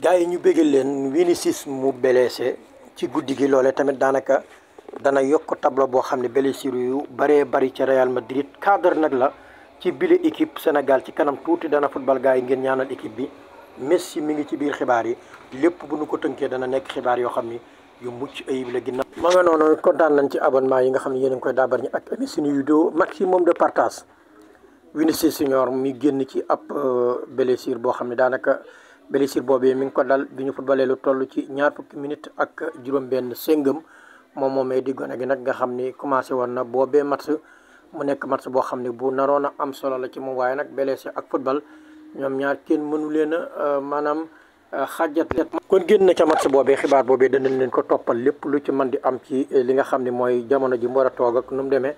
gars yi ñu bégal leen Vinicius mu blessé ci guddi gi loole tamit daanaka dana yokk tableau boo xam ne blessure yu bëree bari ca Real Madrid cadre nag la ci bile équipe Sénégal ci kanam tuuti dana football gaa yi ngeen ñaanal équipe bi Messi mi ngi ci biir xibaar yi lépp bu ñu ko tënkee dana nekk xibaar yoo xam ni yu mucc ayib la ginnaaw. ma nga noonu kontaan nañ ci abonnement yi nga xam ne yéen a ngi koy daabar ñi ak suñu vidéo maximum de partage Vinicius Junior mi génn ci ab euh, blessure boo xam ne daanaka. blessure boobu mi ngi ko dal bi ñu futbalee lu tollu ci ñaar fukki minutes ak juróom-benn séngam moom moomee di gone gi nag nga xam ni commencé woon na boobee match mu nekk match boo xam ne bu naroon a am solo la ci moom waaye nag blessé ak football ñoom ñaar kenn mënu leen a euh, maanaam euh, xajat kon génn na ca match boobee xibaar boobee danañ leen ko toppal lépp lu ci mën di am ci euh, li nga xam ne mooy jamono ji mu war a toog ak nu mu demee.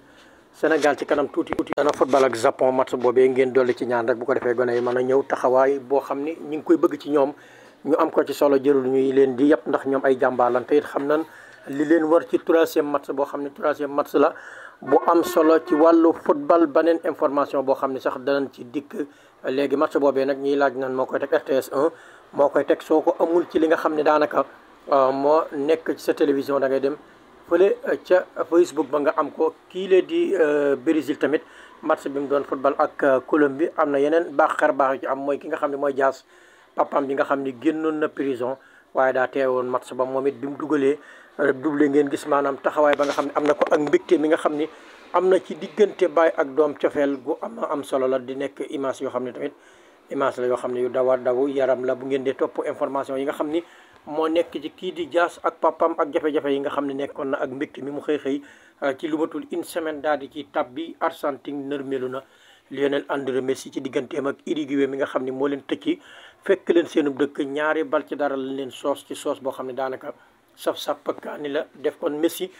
Sénégal ci kanam tuuti tuuti dana football ak Japon match boobee ngeen dolli ci ñaan rek bu ko defee gone yi mën a ñëw taxawaay boo xam ni ñu ngi koy bëgg ci ñoom ñu am ko ci solo jërul ñuy leen di yëpp ndax ñoom ay jàmbaarlan te it xam nan li leen war ci troisième match boo xam ne troisième match la bu am solo ci wàllu football beneen information boo xam ne sax danañ ci dikk léegi match boobee nag ñiy laaj nan moo koy teg RTS moo koy teg soo ko amul ci li nga xam ne daanaka euh, moo nekk ci sa télévision da ngay dem fële eh, ca Facebook ba nga am ko kii lee di eh, Brésil tamit match bi mu doon football ak eh, Colombie am na yeneen baax xar baax yu ci am mooy ki nga xam ne mooy jaas papam bi nga xam ne génnoon na prison waaye daa teewoon match ba moom it bi mu dugalee doublé ngeen gis maanaam taxawaay ba nga xam ne am na ko ak mbégte mi nga xam ni am na ci diggante baay ak doom cofeel gu am am solo la di nekk image yoo xam ne tamit image la yoo xam ne yu dawa daw yaram la bu ngeen dee topp information yi nga xam ni moo nekk ci kii di jaas ak papam ak jafe-jafe yi nga xam ne nekkoon na ak mbégte mi mu xëy-xëy euh, ci lu une semaine daal di ci tab bi Argentine nërmelu na Lionel André Messi ci digganteem ak Uruguay mi nga xam ne moo leen tëcci fekk leen seenub dëkk ñaari bal ci dara lañ leen soos ci soos boo xam ne daanaka saf-saf pakkaani la def kon Messi